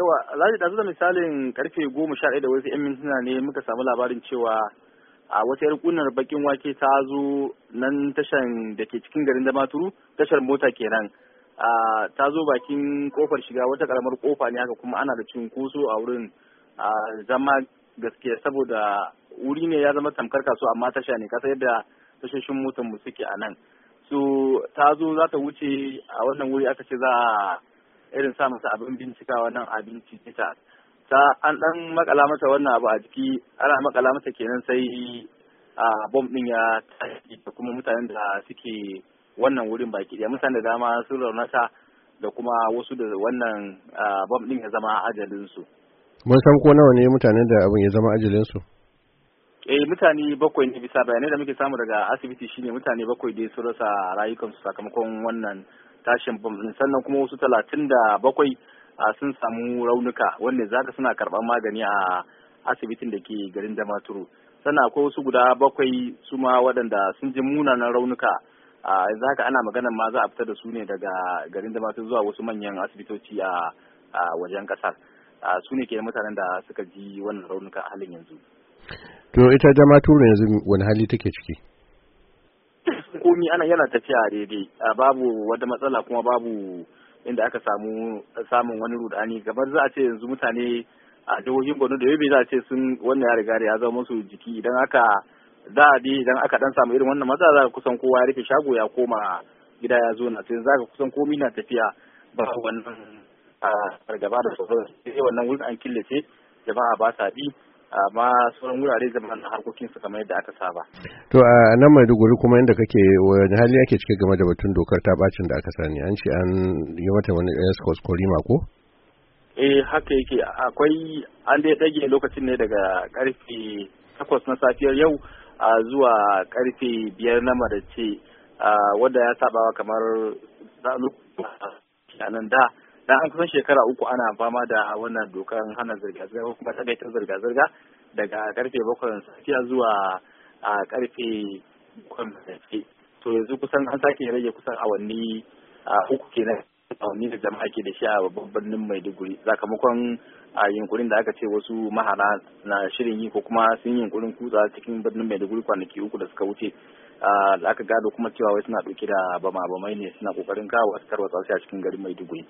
yawa alhaji da da misalin karfe goma sha ɗaya da wasu yan mintuna ne muka samu labarin cewa a wata yar kunar bakin wake ta zo nan tashan da ke cikin garin da turu tashar mota kenan a ta zo bakin kofar shiga wata karamar kofa ne haka kuma ana da cunkoso a wurin a zama gaskiya saboda wuri ne ya zama tamkar kasuwa amma tasha ne kasa yadda tashoshin motan mu suke a nan so ta zo za ta wuce a wannan wuri aka ce za a irin sa masa abin bincika nan abin cikita ta an dan makala masa wannan abu a jiki ana makala masa kenan sai a bom din ya tashi da kuma mutanen da suke wannan wurin baki da mutanen da dama sun raunata da kuma wasu da wannan bom din ya zama ajalin su mun san ko nawa ne mutanen da abin ya zama ajalin su eh mutane bakwai ne bisa bayanai da muke samu daga asibiti shine mutane bakwai dai sun rasa rayukansu sakamakon wannan tashin bam sannan kuma wasu talatin da bakwai sun samu raunuka wanda zaka suna karɓar magani a asibitin da ke garin damaturu sannan akwai wasu guda bakwai su ma waɗanda sun ji munanan raunuka a zaka ana maganar ma za a fitar da su ne daga garin damaturu zuwa wasu manyan asibitoci a wajen ƙasar su ne ke mutanen da suka ji wannan raunuka halin yanzu to ita damaturu yanzu wani hali take ciki komi ana yana tafiya daidai a babu wata matsala kuma babu inda aka samu samun wani rudani gabar za a ce yanzu mutane a jihohin Borno da Yobe za a ce sun wannan ya riga ya zama musu jiki idan aka a bi idan aka dan samu irin wannan maza za ka kusan kowa ya rufe shago ya koma gida ya zo na sai za ka kusan komi na tafiya ba wannan a fargaba da sauran sai wannan wurin an killace jama'a ba sa bi amma sauran wurare zama na harkokinsu kamar yadda aka saba. To a nan Maiduguri kuma yadda kake wani hali ake cike game da batun dokar ta bacin da aka sani an ce an yi mata wani escort korima ko? Eh haka yake akwai an dai dage lokacin ne daga karfe takwas na safiyar yau zuwa karfe biyar na marace wanda ya sabawa kamar a nan da dan an kusan shekara uku ana fama da wannan dokar hana zirga-zirga ko kuma tsagaita zirga-zirga daga karfe bakwai safiya zuwa a karfe bakwai to yanzu kusan an sake rage kusan awanni uku kenan awanni da jama'a ke da shi a babban birnin maiduguri sakamakon a yunkurin da aka ce wasu mahara na shirin yi ko kuma sun yunkurin kutsa cikin birnin maiduguri kwanaki uku da suka wuce da aka gado kuma cewa wai suna ɗauke da bama-bamai ne suna ƙoƙarin kawo a tarwatsa a cikin garin maiduguri